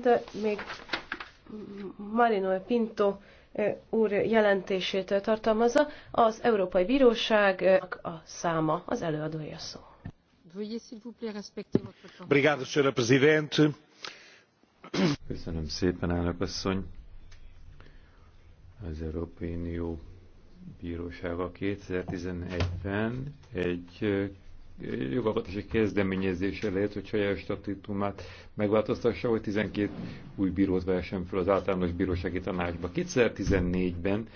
de még Marino Pinto úr jelentését tartalmazza, az Európai Bíróság a száma, az előadója szó. Obrigado, Sra. Presidente. Köszönöm szépen, elnök asszony. Az Európai Unió Bírósága 2011-ben egy jogalkotási kezdeményezése lehet, hogy saját statutumát megváltoztassa, hogy 12 új bírót vehessen fel az általános bírósági tanácsba. 2014-ben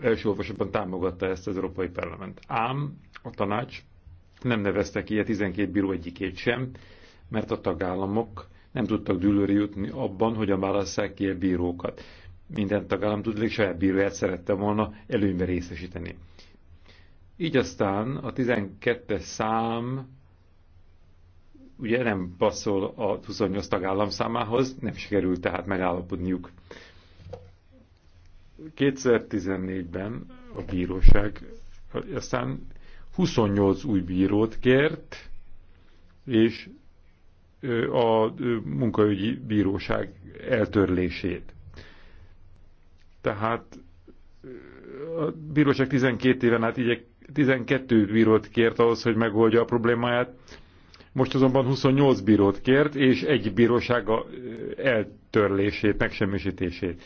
első olvasatban támogatta ezt az Európai Parlament. Ám a tanács nem nevezte ki a 12 bíró egyikét sem, mert a tagállamok nem tudtak dűlőre jutni abban, hogyan válasszák ki a bírókat. Minden tagállam tudnék saját bíróját szerette volna előnybe részesíteni. Így aztán a 12-es szám ugye nem passzol a 28 tagállam számához, nem sikerült tehát megállapodniuk. 2014-ben a bíróság aztán 28 új bírót kért, és a munkaügyi bíróság eltörlését. Tehát a bíróság 12 éven át igyek, 12 bírót kért ahhoz, hogy megoldja a problémáját, most azonban 28 bírót kért, és egy bírósága eltörlését, megsemmisítését.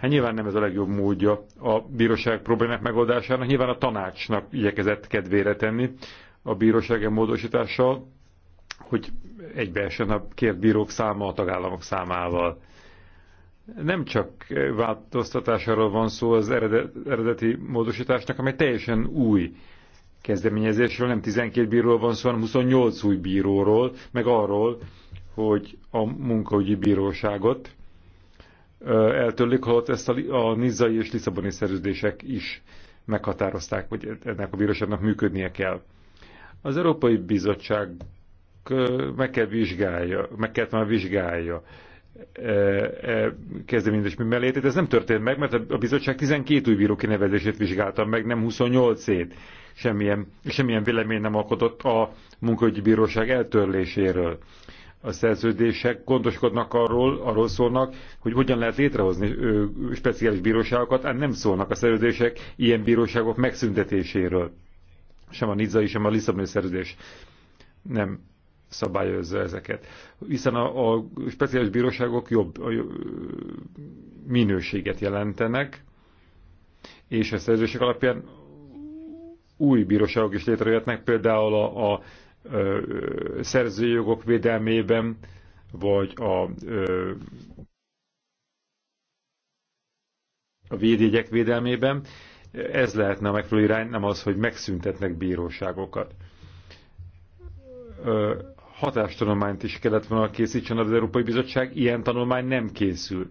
Hát nyilván nem ez a legjobb módja a bíróság problémák megoldásának, nyilván a tanácsnak igyekezett kedvére tenni a bíróság e módosítással, hogy egybeesen a kért bírók száma a tagállamok számával nem csak változtatásáról van szó az eredeti módosításnak, amely teljesen új kezdeményezésről, nem 12 bíróról van szó, hanem 28 új bíróról, meg arról, hogy a munkaügyi bíróságot eltörlik, holott ezt a, nizzai és liszaboni szerződések is meghatározták, hogy e-, ennek a bíróságnak működnie kell. Az Európai Bizottság meg kell vizsgálja, meg kellett már vizsgálja E, e, kezdeményezés mellétét. Ez nem történt meg, mert a bizottság 12 új bíró kinevezését vizsgálta meg, nem 28-ét. Semmilyen, semmilyen vélemény nem alkotott a munkaügyi bíróság eltörléséről. A szerződések gondoskodnak arról, arról szólnak, hogy hogyan lehet létrehozni speciális bíróságokat, ám nem szólnak a szerződések ilyen bíróságok megszüntetéséről. Sem a Nizza, sem a Lisszaboni szerződés nem szabályozza ezeket. Hiszen a, a speciális bíróságok jobb a, a, minőséget jelentenek, és a szerződések alapján új bíróságok is létrejöhetnek, például a, a, a szerzőjogok védelmében, vagy a, a védjegyek védelmében. Ez lehetne a megfelelő irány, nem az, hogy megszüntetnek bíróságokat hatástanulmányt is kellett volna készítsen az Európai Bizottság, ilyen tanulmány nem készül.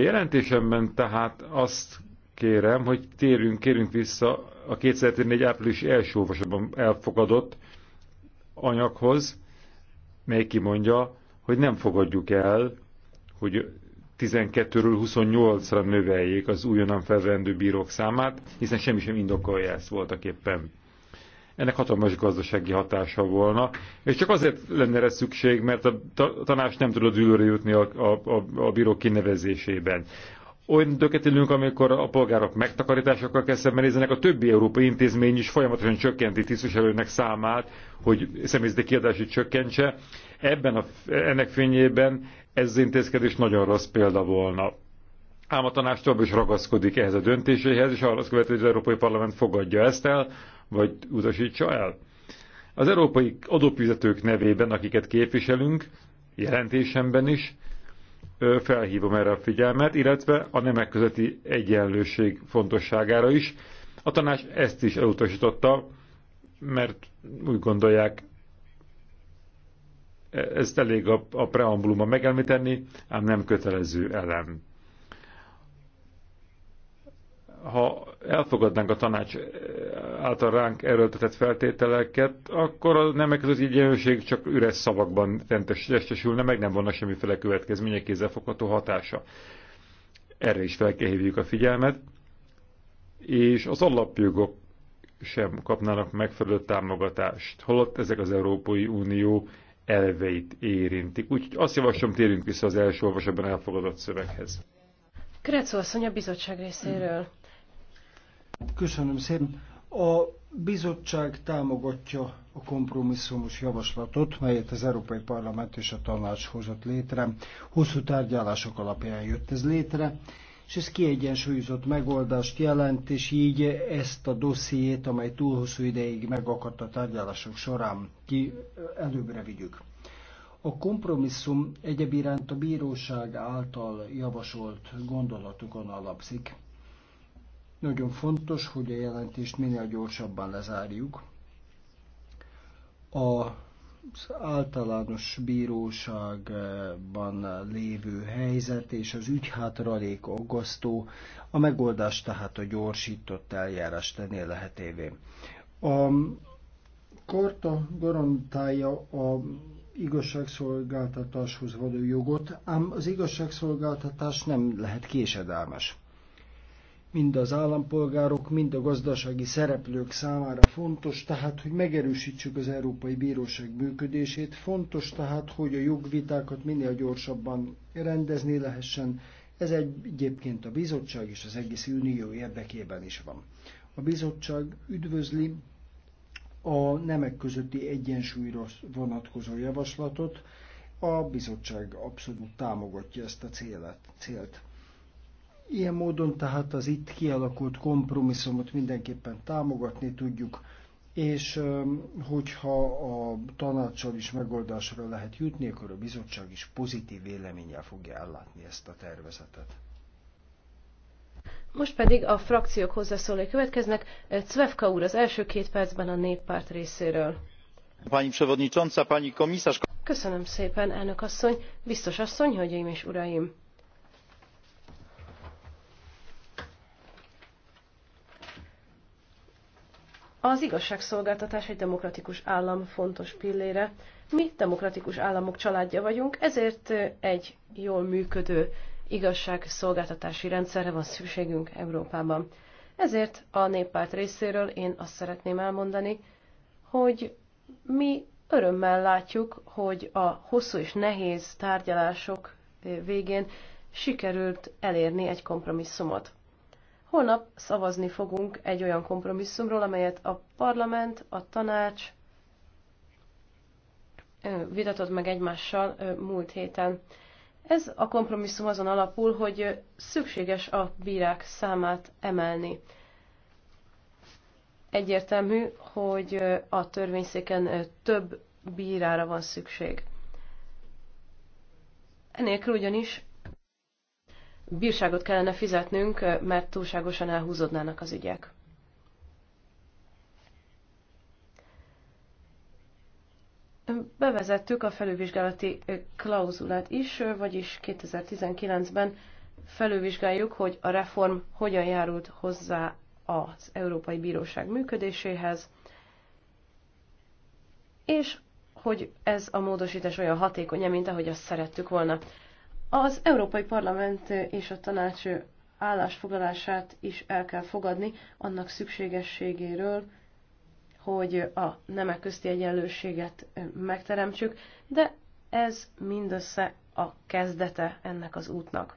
Jelentésemben tehát azt kérem, hogy térjünk, kérünk vissza a 2014 április első olvasatban elfogadott anyaghoz, mely kimondja, hogy nem fogadjuk el, hogy 12-ről 28-ra növeljék az újonnan felvendő bírók számát, hiszen semmi sem indokolja ezt voltak éppen ennek hatalmas gazdasági hatása volna, és csak azért lenne erre szükség, mert a tanács nem tudod ülőre jutni a, a, a, a bíró kinevezésében. Olyan döketilünk, amikor a polgárok megtakarításokkal kell szembenéznek, a többi európai intézmény is folyamatosan csökkenti tisztviselőnek számát, hogy személyzeti kiadását csökkentse. Ebben a, ennek fényében ez az intézkedés nagyon rossz példa volna ám a tanács is ragaszkodik ehhez a döntéséhez, és arra azt követő, hogy az Európai Parlament fogadja ezt el, vagy utasítsa el. Az európai adófizetők nevében, akiket képviselünk, jelentésemben is felhívom erre a figyelmet, illetve a nemek közötti egyenlőség fontosságára is. A tanács ezt is elutasította, mert úgy gondolják, e, ezt elég a, a preambulumban megelmíteni, ám nem kötelező elem ha elfogadnánk a tanács által ránk erőltetett feltételeket, akkor a nemek között egyenlőség csak üres szavakban testesülne, meg nem vannak semmiféle következménye, kézzelfogható hatása. Erre is fel kell hívjuk a figyelmet, és az alapjogok sem kapnának megfelelő támogatást, holott ezek az Európai Unió elveit érintik. Úgyhogy azt javaslom, térjünk vissza az első olvasatban elfogadott szöveghez. Kretszó asszony a bizottság részéről. Köszönöm szépen. A bizottság támogatja a kompromisszumos javaslatot, melyet az Európai Parlament és a Tanács hozott létre. Hosszú tárgyalások alapján jött ez létre, és ez kiegyensúlyozott megoldást jelent, és így ezt a dossziét, amely túl hosszú ideig megakadt a tárgyalások során, ki előbbre vigyük. A kompromisszum egyebiránt a bíróság által javasolt gondolatokon alapszik nagyon fontos, hogy a jelentést minél gyorsabban lezárjuk. A az általános bíróságban lévő helyzet és az ügyhátralék aggasztó, a megoldás tehát a gyorsított eljárás tenné lehetévé. A karta garantálja a igazságszolgáltatáshoz való jogot, ám az igazságszolgáltatás nem lehet késedelmes mind az állampolgárok, mind a gazdasági szereplők számára fontos, tehát, hogy megerősítsük az Európai Bíróság működését, fontos tehát, hogy a jogvitákat minél gyorsabban rendezni lehessen, ez egyébként a bizottság és az egész unió érdekében is van. A bizottság üdvözli a nemek közötti egyensúlyra vonatkozó javaslatot, a bizottság abszolút támogatja ezt a célet, célt. Ilyen módon tehát az itt kialakult kompromisszumot mindenképpen támogatni tudjuk, és hogyha a tanácssal is megoldásra lehet jutni, akkor a bizottság is pozitív véleménnyel fogja ellátni ezt a tervezetet. Most pedig a frakciók hozzászólói következnek. Cvefka úr az első két percben a néppárt részéről. Pani przewodnicząca, pani komisarz. Köszönöm szépen, elnök asszony, biztos asszony, hölgyeim és uraim. Az igazságszolgáltatás egy demokratikus állam fontos pillére. Mi demokratikus államok családja vagyunk, ezért egy jól működő igazságszolgáltatási rendszerre van szükségünk Európában. Ezért a néppárt részéről én azt szeretném elmondani, hogy mi örömmel látjuk, hogy a hosszú és nehéz tárgyalások végén sikerült elérni egy kompromisszumot. Holnap szavazni fogunk egy olyan kompromisszumról, amelyet a parlament, a tanács vitatott meg egymással múlt héten. Ez a kompromisszum azon alapul, hogy szükséges a bírák számát emelni. Egyértelmű, hogy a törvényszéken több bírára van szükség. Enélkül ugyanis bírságot kellene fizetnünk, mert túlságosan elhúzódnának az ügyek. Bevezettük a felülvizsgálati klauzulát is, vagyis 2019-ben felülvizsgáljuk, hogy a reform hogyan járult hozzá az Európai Bíróság működéséhez, és hogy ez a módosítás olyan hatékony, mint ahogy azt szerettük volna. Az Európai Parlament és a tanács állásfoglalását is el kell fogadni annak szükségességéről, hogy a nemek közti egyenlőséget megteremtsük, de ez mindössze a kezdete ennek az útnak.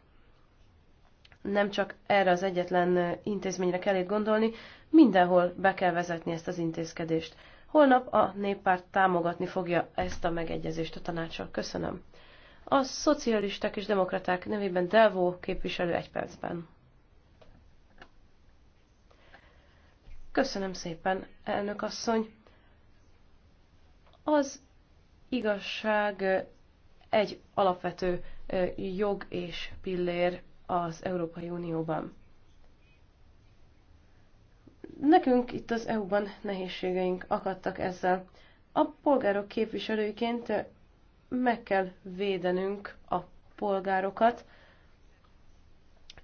Nem csak erre az egyetlen intézményre kell itt gondolni, mindenhol be kell vezetni ezt az intézkedést. Holnap a néppárt támogatni fogja ezt a megegyezést a tanácsal. Köszönöm. A szocialisták és demokraták nevében Delvó képviselő egy percben. Köszönöm szépen, elnök asszony. Az igazság egy alapvető jog és pillér az Európai Unióban. Nekünk itt az EU-ban nehézségeink akadtak ezzel. A polgárok képviselőiként meg kell védenünk a polgárokat,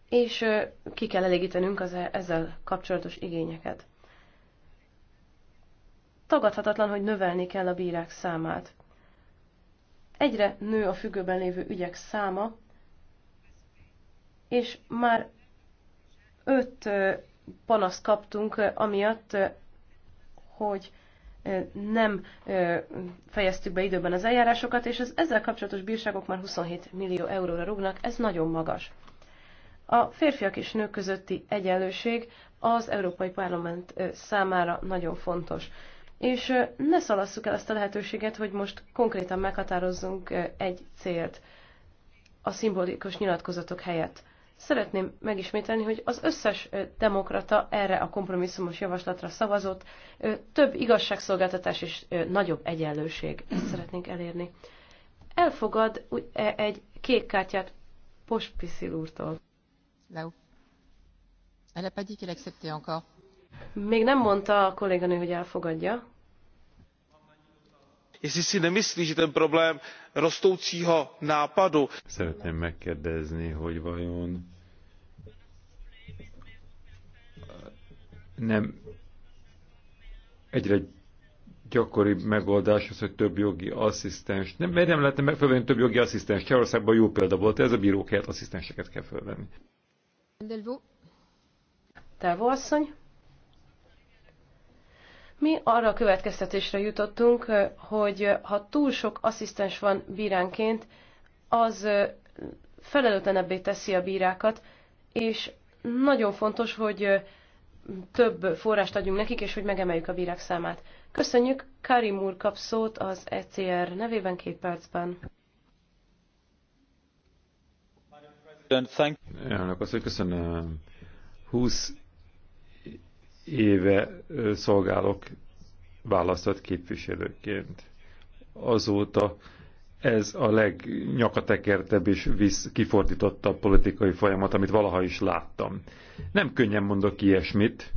és ki kell elégítenünk az e- ezzel kapcsolatos igényeket. Tagadhatatlan, hogy növelni kell a bírák számát. Egyre nő a függőben lévő ügyek száma, és már öt panaszt kaptunk amiatt, hogy nem fejeztük be időben az eljárásokat, és az ezzel kapcsolatos bírságok már 27 millió euróra rúgnak, ez nagyon magas. A férfiak és nők közötti egyenlőség az Európai Parlament számára nagyon fontos. És ne szalasszuk el ezt a lehetőséget, hogy most konkrétan meghatározzunk egy célt a szimbolikus nyilatkozatok helyett. Szeretném megismételni, hogy az összes demokrata erre a kompromisszumos javaslatra szavazott, több igazságszolgáltatás és nagyobb egyenlőség. Ezt szeretnénk elérni. Elfogad e, egy kék kártyát Pospisil úrtól. Leo. Elle a pas dit qu'elle acceptait encore. Még nem mondta a kolléganő, hogy elfogadja jestli si nemyslí že ten problém rostoucího nápadu. szeretném megkérdezni hogy vajon nem egyre gyakori megoldás az, hogy több jogi asszisztens, nem, miért nem lehetne megfelelni több jogi asszisztens? Csehországban jó példa volt, ez a bírók helyett asszisztenseket kell fölvenni. Delvó asszony. Mi arra a következtetésre jutottunk, hogy ha túl sok asszisztens van bíránként, az felelőtlenebbé teszi a bírákat, és nagyon fontos, hogy több forrást adjunk nekik, és hogy megemeljük a bírák számát. Köszönjük, Karim úr kap szót az ECR nevében két percben. Elnök köszönöm. 20 éve szolgálok választott képviselőként. Azóta ez a legnyakatekertebb és visz, kifordítottabb politikai folyamat, amit valaha is láttam. Nem könnyen mondok ilyesmit.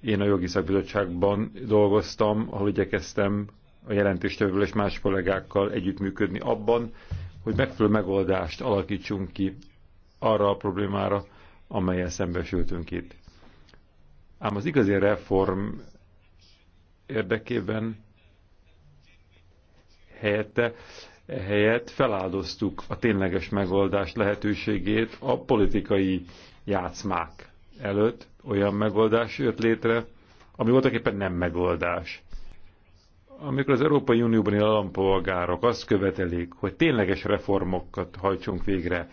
Én a jogi szakbizottságban dolgoztam, ahol igyekeztem a jelentéstevővel és más kollégákkal együttműködni abban, hogy megfelelő megoldást alakítsunk ki arra a problémára, amelyel szembesültünk itt. Ám az igazi reform érdekében helyette helyett feláldoztuk a tényleges megoldás lehetőségét a politikai játszmák előtt. Olyan megoldás jött létre, ami voltak éppen nem megoldás. Amikor az Európai Unióban élő állampolgárok azt követelik, hogy tényleges reformokat hajtsunk végre,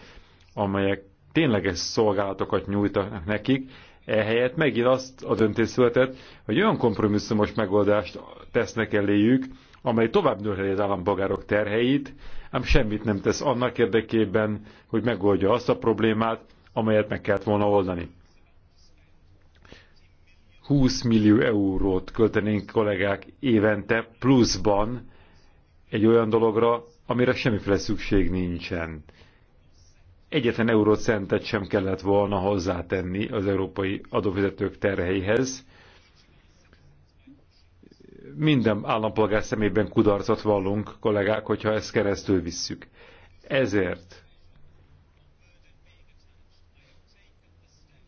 amelyek tényleges szolgálatokat nyújtanak nekik, Ehelyett megint azt a döntés született, hogy olyan kompromisszumos megoldást tesznek eléjük, amely tovább növeli az állampolgárok terheit, ám semmit nem tesz annak érdekében, hogy megoldja azt a problémát, amelyet meg kellett volna oldani. 20 millió eurót költenénk kollégák évente pluszban egy olyan dologra, amire semmiféle szükség nincsen egyetlen eurocentet sem kellett volna hozzátenni az európai adófizetők terheihez. Minden állampolgár szemében kudarcot vallunk, kollégák, hogyha ezt keresztül visszük. Ezért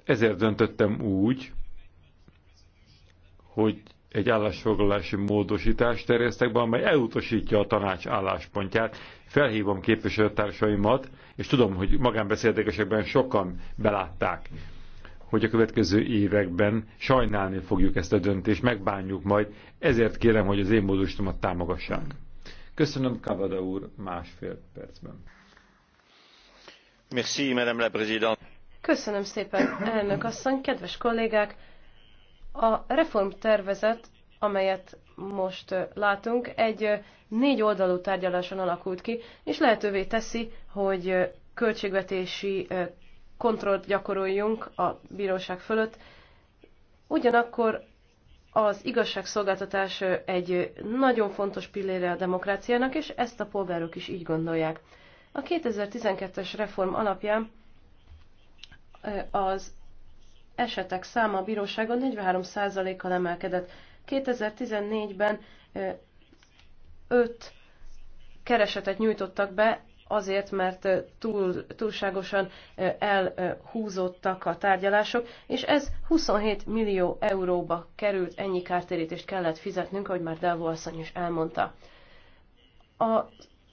ezért döntöttem úgy, hogy egy állásfoglalási módosítást terjesztek be, amely elutasítja a tanács álláspontját. Felhívom képviselőtársaimat, és tudom, hogy magánbeszélgetésekben sokan belátták, hogy a következő években sajnálni fogjuk ezt a döntést, megbánjuk majd, ezért kérem, hogy az én módosítomat támogassák. Köszönöm, Kavada úr, másfél percben. Merci, Madame la Présidente. Köszönöm szépen, elnök asszony, kedves kollégák! A reformtervezet, amelyet most látunk, egy négy oldalú tárgyaláson alakult ki, és lehetővé teszi, hogy költségvetési kontrollt gyakoroljunk a bíróság fölött. Ugyanakkor az igazságszolgáltatás egy nagyon fontos pillére a demokráciának, és ezt a polgárok is így gondolják. A 2012-es reform alapján az esetek száma a bíróságon 43%-kal emelkedett. 2014-ben 5 keresetet nyújtottak be azért, mert túl, túlságosan elhúzottak a tárgyalások, és ez 27 millió euróba került, ennyi kártérítést kellett fizetnünk, ahogy már Delvo asszony is elmondta. A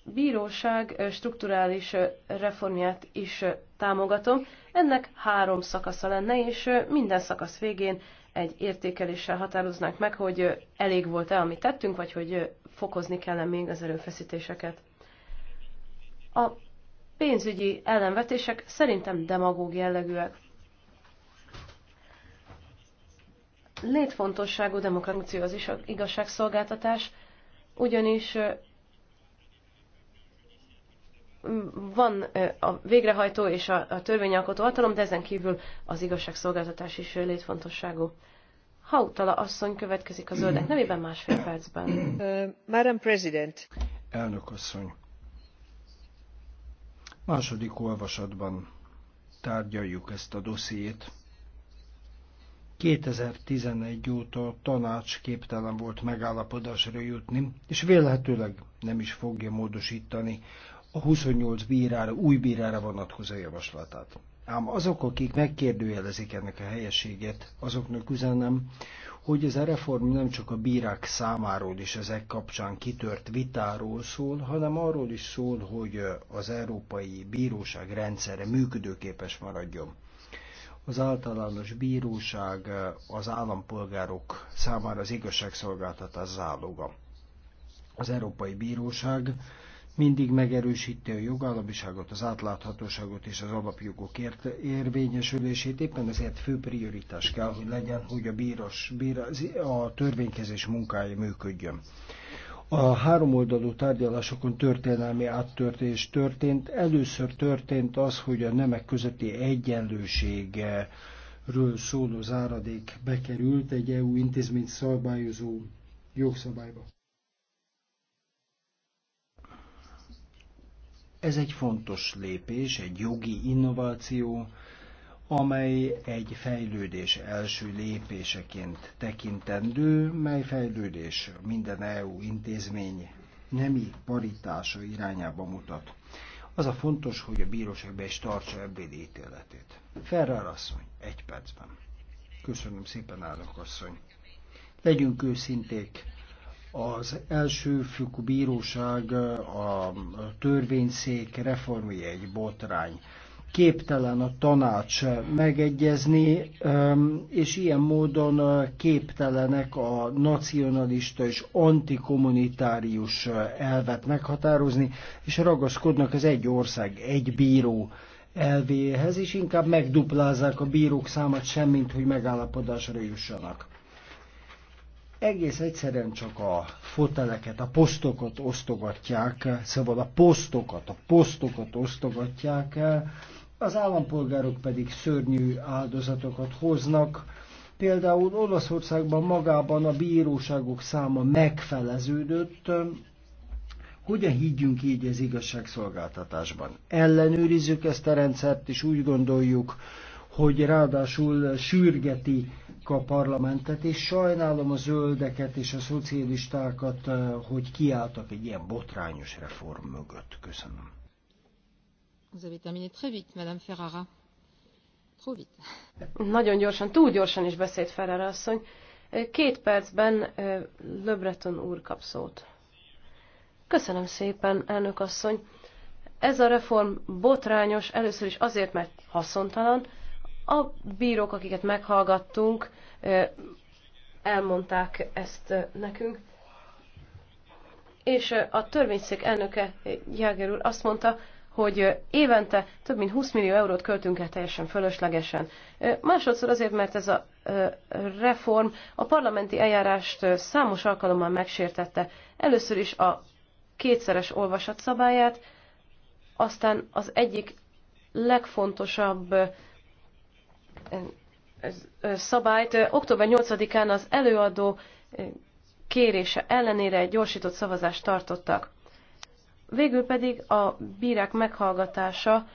bíróság strukturális reformját is támogatom. Ennek három szakasza lenne, és minden szakasz végén egy értékeléssel határoznánk meg, hogy elég volt-e, amit tettünk, vagy hogy fokozni kell még az erőfeszítéseket. A pénzügyi ellenvetések szerintem demagóg jellegűek. Létfontosságú demokrácia az is a igazságszolgáltatás, ugyanis van a végrehajtó és a, törvényalkotó hatalom, de ezen kívül az igazságszolgáltatás is létfontosságú. Hautala asszony következik a zöldek nevében másfél percben. Uh, Madam President. Elnök asszony. Második olvasatban tárgyaljuk ezt a dossziét. 2011 óta a tanács képtelen volt megállapodásra jutni, és vélhetőleg nem is fogja módosítani a 28 bírára, új bírára vonatkozó javaslatát. Ám azok, akik megkérdőjelezik ennek a helyességet, azoknak üzenem, hogy ez a reform nem csak a bírák számáról és ezek kapcsán kitört vitáról szól, hanem arról is szól, hogy az Európai Bíróság rendszere működőképes maradjon. Az általános bíróság az állampolgárok számára az igazságszolgáltatás záloga. Az Európai Bíróság mindig megerősíti a jogállamiságot, az átláthatóságot és az alapjogok ért, érvényesülését. Éppen ezért fő prioritás kell, hogy legyen, hogy a, bíros, bíra, a törvénykezés munkája működjön. A háromoldalú tárgyalásokon történelmi áttörtés történt. Először történt az, hogy a nemek közötti egyenlőségről ről szóló záradék bekerült egy EU intézményt szabályozó jogszabályba. Ez egy fontos lépés, egy jogi innováció, amely egy fejlődés első lépéseként tekintendő, mely fejlődés minden EU intézmény nemi paritása irányába mutat. Az a fontos, hogy a bíróság be is tartsa ebbéli ítéletét. Ferrer asszony, egy percben. Köszönöm szépen, állnak asszony. Legyünk őszinték, az fükú bíróság, a törvényszék reformja egy botrány. Képtelen a tanács megegyezni, és ilyen módon képtelenek a nacionalista és antikommunitárius elvet meghatározni, és ragaszkodnak az egy ország, egy bíró elvéhez, és inkább megduplázzák a bírók számát, semmint hogy megállapodásra jussanak egész egyszerűen csak a foteleket, a posztokat osztogatják, szóval a posztokat, a posztokat osztogatják, az állampolgárok pedig szörnyű áldozatokat hoznak. Például Olaszországban magában a bíróságok száma megfeleződött, hogyan higgyünk így az igazságszolgáltatásban? Ellenőrizzük ezt a rendszert, és úgy gondoljuk, hogy ráadásul sürgeti a parlamentet, és sajnálom a zöldeket és a szocialistákat, eh, hogy kiálltak egy ilyen botrányos reform mögött. Köszönöm. Vous avez terminé très vite, Madame Ferrara. Trop vite. Nagyon gyorsan, túl gyorsan is beszélt Ferrara asszony. Eh, két percben eh, Löbreton úr kap szót. Köszönöm szépen, elnök asszony. Ez a reform botrányos, először is azért, mert haszontalan, a bírók, akiket meghallgattunk, elmondták ezt nekünk, és a törvényszék elnöke Jáger úr azt mondta, hogy évente több mint 20 millió eurót költünk el teljesen fölöslegesen. Másodszor azért, mert ez a reform a parlamenti eljárást számos alkalommal megsértette. Először is a kétszeres olvasat szabályát, aztán az egyik legfontosabb szabályt. Október 8-án az előadó kérése ellenére egy gyorsított szavazást tartottak. Végül pedig a bírák meghallgatása,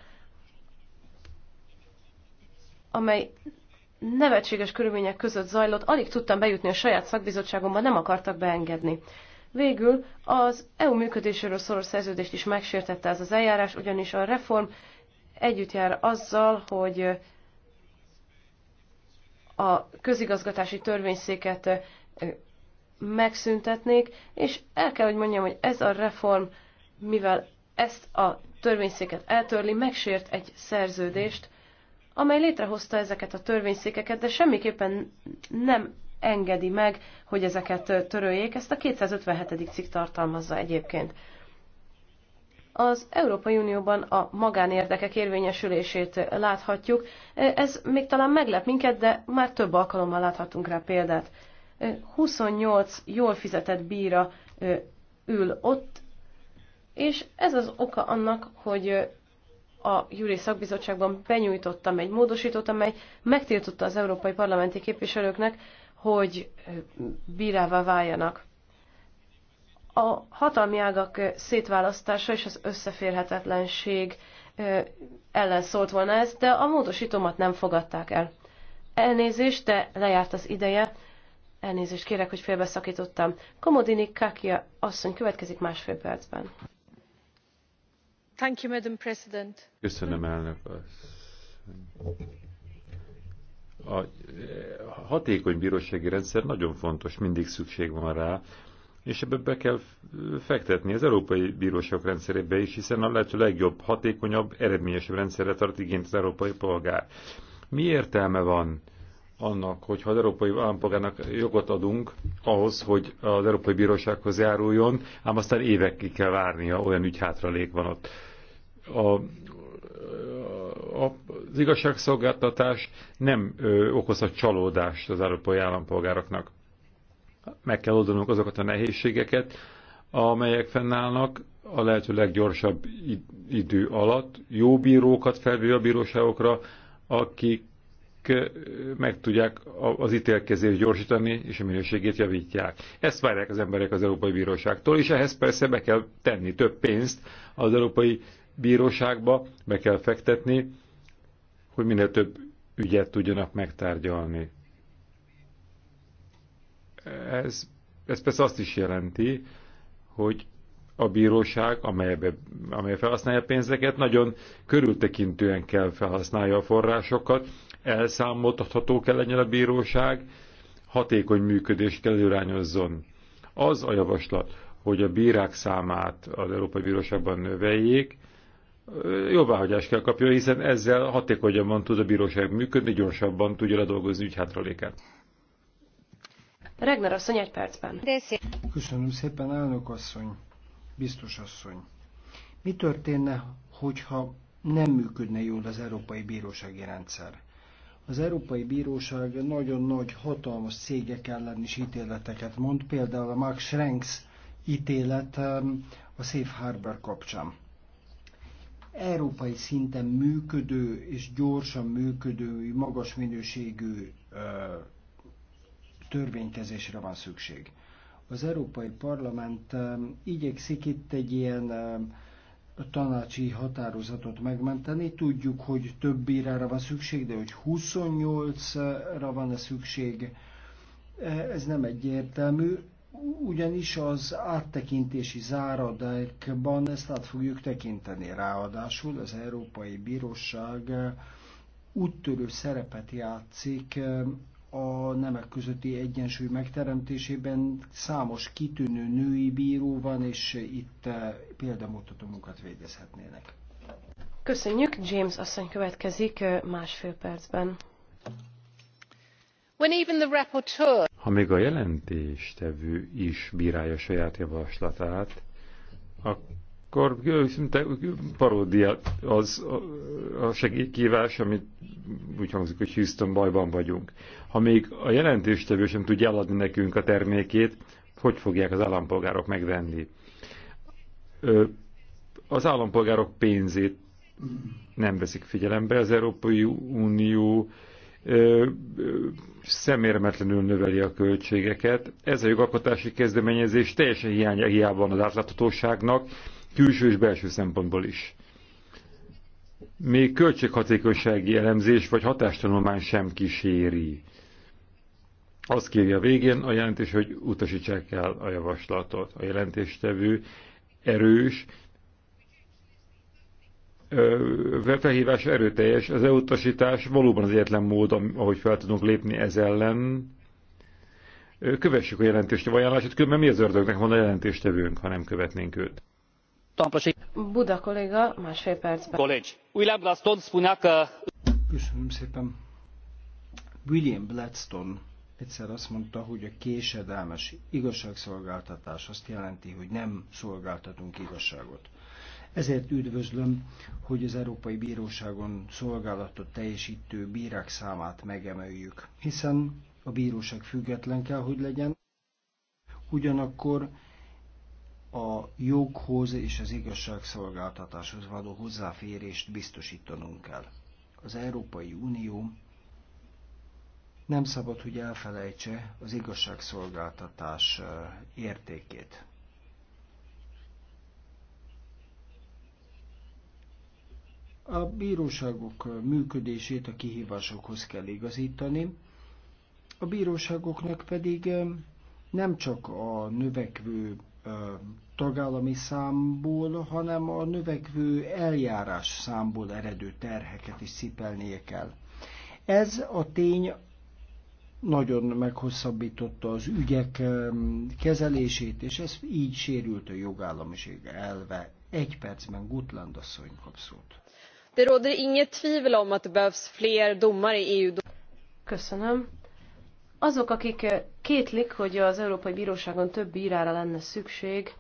amely nevetséges körülmények között zajlott, alig tudtam bejutni a saját szakbizottságomba, nem akartak beengedni. Végül az EU működéséről szóló szerződést is megsértette ez az eljárás, ugyanis a reform együtt jár azzal, hogy a közigazgatási törvényszéket megszüntetnék, és el kell, hogy mondjam, hogy ez a reform, mivel ezt a törvényszéket eltörli, megsért egy szerződést, amely létrehozta ezeket a törvényszékeket, de semmiképpen nem engedi meg, hogy ezeket töröljék. Ezt a 257. cikk tartalmazza egyébként az Európai Unióban a magánérdekek érvényesülését láthatjuk. Ez még talán meglep minket, de már több alkalommal láthatunk rá példát. 28 jól fizetett bíra ül ott, és ez az oka annak, hogy a Júri Szakbizottságban benyújtottam egy módosítót, amely megtiltotta az európai parlamenti képviselőknek, hogy bírává váljanak. A hatalmi ágak szétválasztása és az összeférhetetlenség ellen szólt volna ez, de a módosítómat nem fogadták el. Elnézést, de lejárt az ideje. Elnézést kérek, hogy félbeszakítottam. Komodini Kakia asszony következik másfél percben. Thank you, Madam President. Köszönöm, elnök A hatékony bírósági rendszer nagyon fontos, mindig szükség van rá, és ebbe be kell fektetni az európai bíróság rendszerébe is, hiszen a lehető legjobb, hatékonyabb, eredményesebb rendszerre tart igényt az európai polgár. Mi értelme van annak, hogyha az európai állampolgárnak jogot adunk ahhoz, hogy az Európai Bírósághoz járuljon, ám aztán évekig kell várnia, olyan ügy hátralék van ott. A, a, az igazságszolgáltatás nem ö, okozhat csalódást az európai állampolgároknak meg kell oldanunk azokat a nehézségeket, amelyek fennállnak a lehető leggyorsabb idő alatt, jó bírókat felvéve a bíróságokra, akik meg tudják az ítélkezést gyorsítani, és a minőségét javítják. Ezt várják az emberek az Európai Bíróságtól, és ehhez persze be kell tenni több pénzt az Európai Bíróságba, be kell fektetni, hogy minél több ügyet tudjanak megtárgyalni. Ez, ez persze azt is jelenti, hogy a bíróság, amelybe, amely felhasználja a pénzeket, nagyon körültekintően kell felhasználja a forrásokat, elszámoltatható kell legyen a bíróság, hatékony működést kell irányozzon. Az a javaslat, hogy a bírák számát az Európai Bíróságban növeljék, jóváhagyást kell kapja, hiszen ezzel hatékonyabban tud a bíróság működni, gyorsabban tudja ledolgozni ügyhátralékát. Regner asszony egy percben. Köszönöm szépen, elnök asszony, biztos asszony. Mi történne, hogyha nem működne jól az Európai Bírósági Rendszer? Az Európai Bíróság nagyon nagy, hatalmas cégek ellen is ítéleteket mond, például a Max Schrenks ítélet a Safe Harbor kapcsán. Európai szinten működő és gyorsan működő, magas minőségű törvénykezésre van szükség. Az Európai Parlament um, igyekszik itt egy ilyen um, tanácsi határozatot megmenteni. Tudjuk, hogy több bírára van szükség, de hogy 28-ra van a szükség, eh, ez nem egyértelmű ugyanis az áttekintési záradékban ezt át fogjuk tekinteni. Ráadásul az Európai Bíróság eh, úttörő szerepet játszik eh, a nemek közötti egyensúly megteremtésében számos kitűnő női bíró van, és itt eh, példamutató munkát végezhetnének. Köszönjük, James asszony következik eh, másfél percben. When even the rapporteur... Ha még a jelentéstevő is bírálja saját javaslatát, akkor szinte paródia az a segítkívás, amit úgy hangzik, hogy Houston bajban vagyunk. Ha még a jelentéstevő sem tudja eladni nekünk a termékét, hogy fogják az állampolgárok megvenni? Az állampolgárok pénzét nem veszik figyelembe, az Európai Unió szemérmetlenül növeli a költségeket. Ez a jogalkotási kezdeményezés teljesen hiánya hiában az átláthatóságnak, külső és belső szempontból is. Még költséghatékonysági elemzés vagy hatástanulmány sem kíséri. Azt kérje a végén a jelentés, hogy utasítsák el a javaslatot. A jelentéstevő erős, felhívás erőteljes, az elutasítás valóban az egyetlen mód, ahogy fel tudunk lépni ez ellen. Kövessük a jelentést, a ajánlását, különben mi az ördögnek van a jelentéstevőnk, ha nem követnénk őt. Buda kolléga, másfél percben. Kollégy, William Glaston spunea că... Köszönöm szépen. William Gladstone egyszer azt mondta, hogy a késedelmes igazságszolgáltatás azt jelenti, hogy nem szolgáltatunk igazságot. Ezért üdvözlöm, hogy az Európai Bíróságon szolgálatot teljesítő bírák számát megemeljük, hiszen a bíróság független kell, hogy legyen, ugyanakkor a joghoz és az igazságszolgáltatáshoz való hozzáférést biztosítanunk kell. Az Európai Unió nem szabad, hogy elfelejtse az igazságszolgáltatás értékét. A bíróságok működését a kihívásokhoz kell igazítani, a bíróságoknak pedig nem csak a növekvő tagállami számból, hanem a növekvő eljárás számból eredő terheket is cipelnie kell. Ez a tény nagyon meghosszabbította az ügyek kezelését, és ez így sérült a jogállamiség elve. Egy percben Gutland asszony kap szót. Det råder inget tvivel om att behövs fler domare i EU. Köszönöm. Azok, akik kétlik, hogy az Európai Bíróságon több bírára lenne szükség,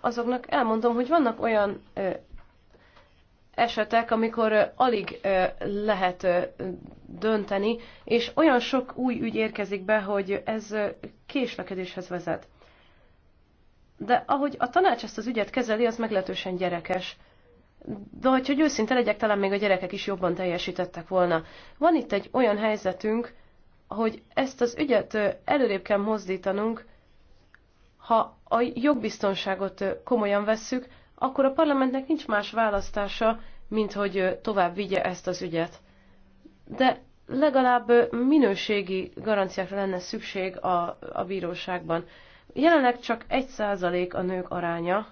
azoknak elmondom, hogy vannak olyan esetek, amikor alig lehet dönteni, és olyan sok új ügy érkezik be, hogy ez késlekedéshez vezet. De ahogy a tanács ezt az ügyet kezeli, az meglehetősen gyerekes. De hogyha hogy őszinte legyek, talán még a gyerekek is jobban teljesítettek volna. Van itt egy olyan helyzetünk, hogy ezt az ügyet előrébb kell mozdítanunk, ha a jogbiztonságot komolyan vesszük, akkor a parlamentnek nincs más választása, mint hogy tovább vigye ezt az ügyet. De legalább minőségi garanciákra lenne szükség a, a bíróságban. Jelenleg csak 1% a nők aránya.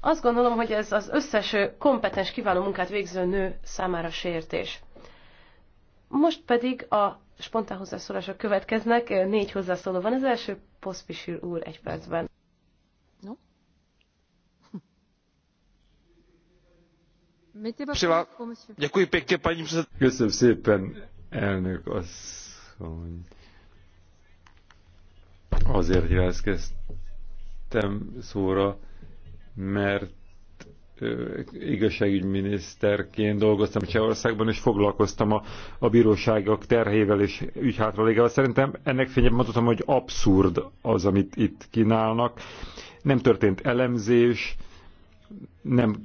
Azt gondolom, hogy ez az összes kompetens, kiváló munkát végző nő számára sértés. Most pedig a spontán hozzászólások következnek. Négy hozzászóló van. Az első Poszpisül úr egy percben. No? Köszönöm szépen, elnök asszony. Azért jelezkeztem szóra, mert igazságügyminiszterként dolgoztam Csehországban, és foglalkoztam a, a bíróságok terhével és ügyhátralégával. Szerintem ennek fényében mondhatom, hogy abszurd az, amit itt kínálnak. Nem történt elemzés, nem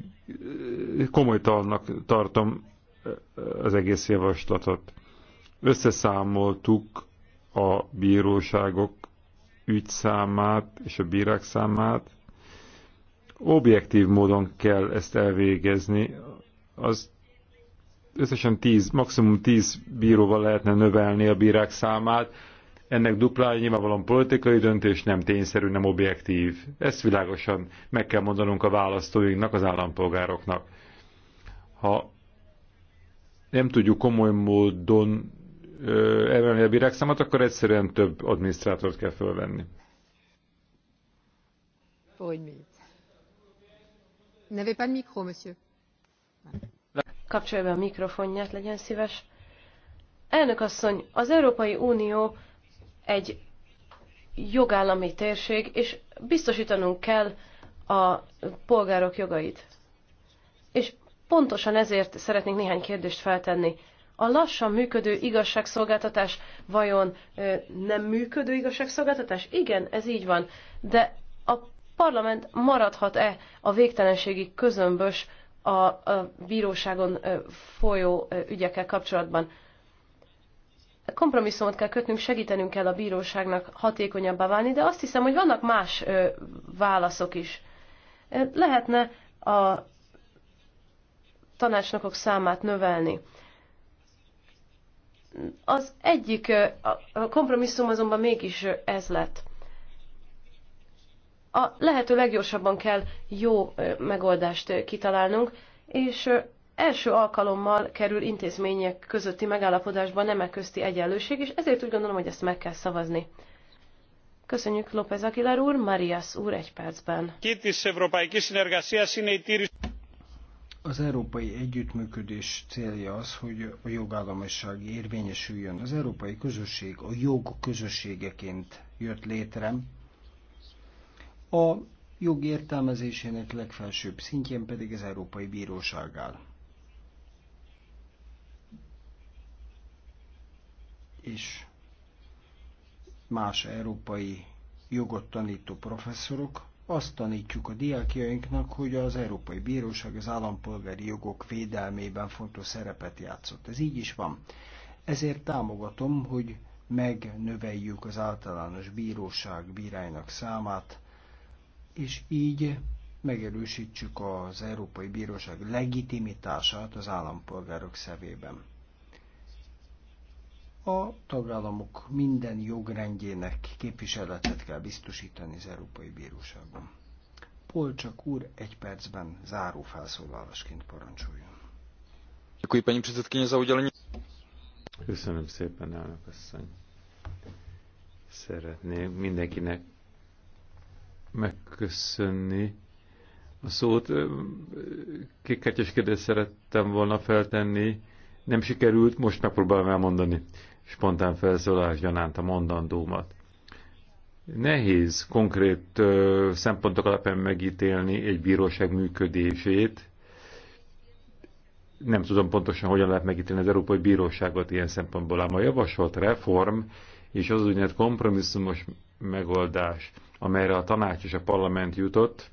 komolytalnak tartom az egész javaslatot. Összeszámoltuk a bíróságok ügyszámát és a bírák számát, objektív módon kell ezt elvégezni. Az összesen 10, maximum 10 bíróval lehetne növelni a bírák számát. Ennek duplája nyilvánvalóan politikai döntés, nem tényszerű, nem objektív. Ezt világosan meg kell mondanunk a választóinknak, az állampolgároknak. Ha nem tudjuk komoly módon emelni a bírák számát, akkor egyszerűen több adminisztrátort kell fölvenni. Hogy mi? Kapcsolja be a mikrofonját, legyen szíves. Elnök asszony, az Európai Unió egy jogállami térség, és biztosítanunk kell a polgárok jogait. És pontosan ezért szeretnék néhány kérdést feltenni. A lassan működő igazságszolgáltatás vajon nem működő igazságszolgáltatás? Igen, ez így van. De a parlament maradhat-e a végtelenségi közömbös a, a bíróságon folyó ügyekkel kapcsolatban. Kompromisszumot kell kötnünk, segítenünk kell a bíróságnak hatékonyabbá válni, de azt hiszem, hogy vannak más válaszok is. Lehetne a tanácsnokok számát növelni. Az egyik a kompromisszum azonban mégis ez lett. A lehető leggyorsabban kell jó megoldást kitalálnunk, és első alkalommal kerül intézmények közötti megállapodásba nemek közti egyenlőség, és ezért úgy gondolom, hogy ezt meg kell szavazni. Köszönjük López Aguilar úr, Marias úr egy percben. Az európai együttműködés célja az, hogy a jogállamiság érvényesüljön. Az európai közösség a jog közösségeként jött létre, a jog értelmezésének legfelsőbb szintjén pedig az Európai Bíróság áll. És más európai jogot tanító professzorok azt tanítjuk a diákjainknak, hogy az Európai Bíróság az állampolgári jogok védelmében fontos szerepet játszott. Ez így is van. Ezért támogatom, hogy megnöveljük az általános bíróság bíráinak számát, és így megerősítsük az Európai Bíróság legitimitását az állampolgárok szemében. A tagállamok minden jogrendjének képviseletet kell biztosítani az Európai Bíróságon. Polcsak úr egy percben záró felszólalásként parancsoljon. Köszönöm szépen, elnök asszony. Szeretném mindenkinek megköszönni a szót. Kékkártyás kérdést szerettem volna feltenni. Nem sikerült, most megpróbálom elmondani spontán felszólás gyanánt a mondandómat. Nehéz konkrét ö, szempontok alapján megítélni egy bíróság működését. Nem tudom pontosan, hogyan lehet megítélni az Európai Bíróságot ilyen szempontból, ám a javasolt reform és az úgynevezett kompromisszumos megoldás amelyre a tanács és a parlament jutott,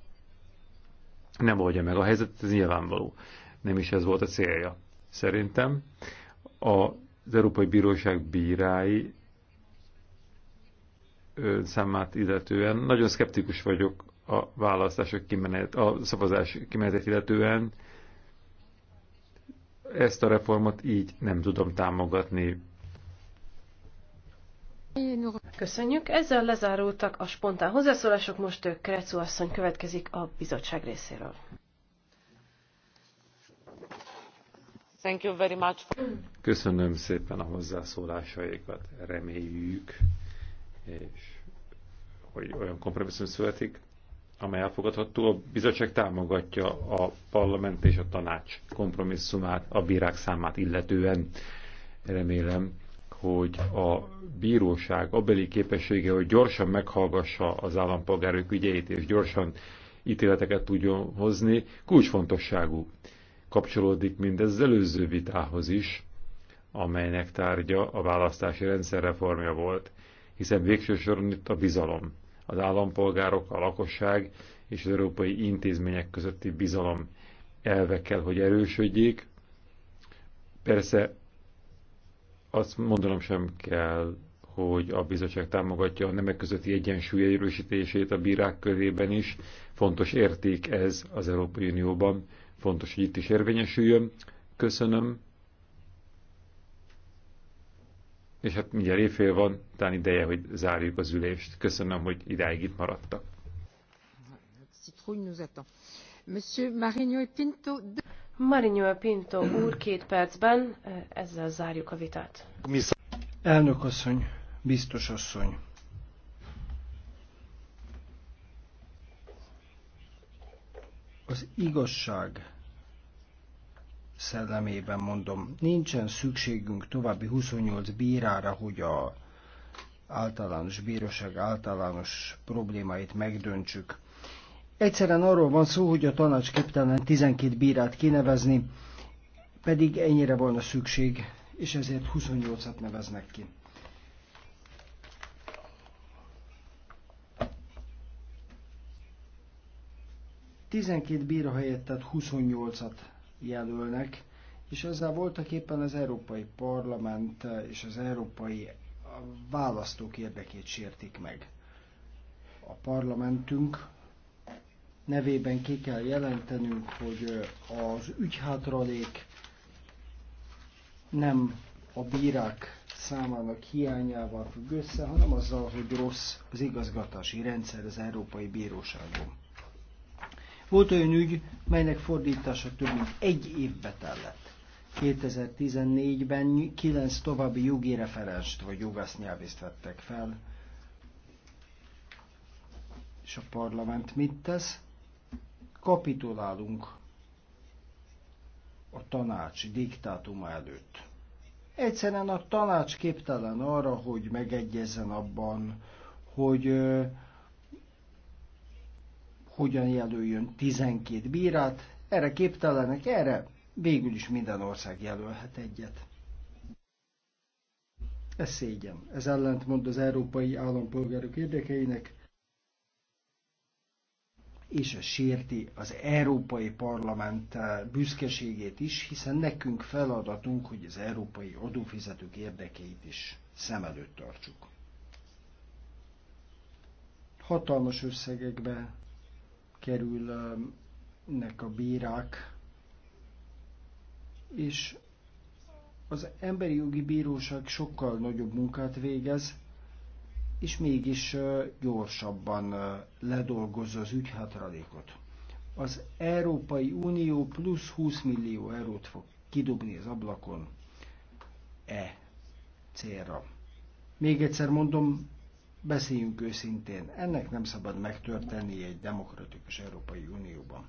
nem oldja meg a helyzetet, ez nyilvánvaló. Nem is ez volt a célja. Szerintem az Európai Bíróság bírái számát illetően nagyon szkeptikus vagyok a választások kimenet, a szavazás kimenetet illetően. Ezt a reformot így nem tudom támogatni. Köszönjük. Ezzel lezárultak a spontán hozzászólások. Most Krecu asszony következik a bizottság részéről. Thank you very much. Köszönöm szépen a hozzászólásaikat. Reméljük, és hogy olyan kompromisszum születik, amely elfogadható. A bizottság támogatja a parlament és a tanács kompromisszumát a bírák számát illetően. Remélem, hogy a bíróság abeli képessége, hogy gyorsan meghallgassa az állampolgárok ügyeit, és gyorsan ítéleteket tudjon hozni, kulcsfontosságú. Kapcsolódik mindez az előző vitához is, amelynek tárgya a választási rendszer reformja volt, hiszen végső soron itt a bizalom, az állampolgárok, a lakosság és az európai intézmények közötti bizalom elve kell, hogy erősödjék. Persze azt mondanom sem kell, hogy a bizottság támogatja a nemek közötti egyensúly erősítését a bírák körében is. Fontos érték ez az Európai Unióban, fontos, hogy itt is érvényesüljön. Köszönöm. És hát mindjárt évfél van, talán ideje, hogy zárjuk az ülést. Köszönöm, hogy idáig itt maradtak. Monsieur Marigno Pinto. De... Marinho Pinto úr két percben, ezzel zárjuk a vitát. Elnök asszony, biztos asszony. Az igazság szellemében mondom, nincsen szükségünk további 28 bírára, hogy a általános bíróság általános problémáit megdöntsük. Egyszerűen arról van szó, hogy a tanács képtelen 12 bírát kinevezni, pedig ennyire volna szükség, és ezért 28-at neveznek ki. Tizenkét bíra helyett, tehát 28-at jelölnek, és ezzel voltak éppen az Európai Parlament és az európai választók érdekét sértik meg. A parlamentünk nevében ki kell jelentenünk, hogy az ügyhátralék nem a bírák számának hiányával függ össze, hanem azzal, hogy rossz az igazgatási rendszer az Európai Bíróságon. Volt olyan ügy, melynek fordítása több mint egy évbe tellett. 2014-ben kilenc további jogi referenst vagy nyelvészt vettek fel. És a parlament mit tesz? kapitulálunk a tanács diktátuma előtt. Egyszerűen a tanács képtelen arra, hogy megegyezzen abban, hogy ö, hogyan jelöljön 12 bírát, erre képtelenek, erre végül is minden ország jelölhet egyet. Ez szégyen. Ez ellentmond az európai állampolgárok érdekeinek, és sérti az Európai Parlament eh, büszkeségét is, hiszen nekünk feladatunk, hogy az európai adófizetők érdekeit is szem előtt tartsuk. Hatalmas összegekbe kerülnek eh, a bírák, és az emberi jogi bíróság sokkal nagyobb munkát végez, és mégis gyorsabban ledolgozza az ügyhátralékot. Az Európai Unió plusz 20 millió eurót fog kidobni az ablakon e célra. Még egyszer mondom, beszéljünk őszintén, ennek nem szabad megtörténni egy demokratikus Európai Unióban.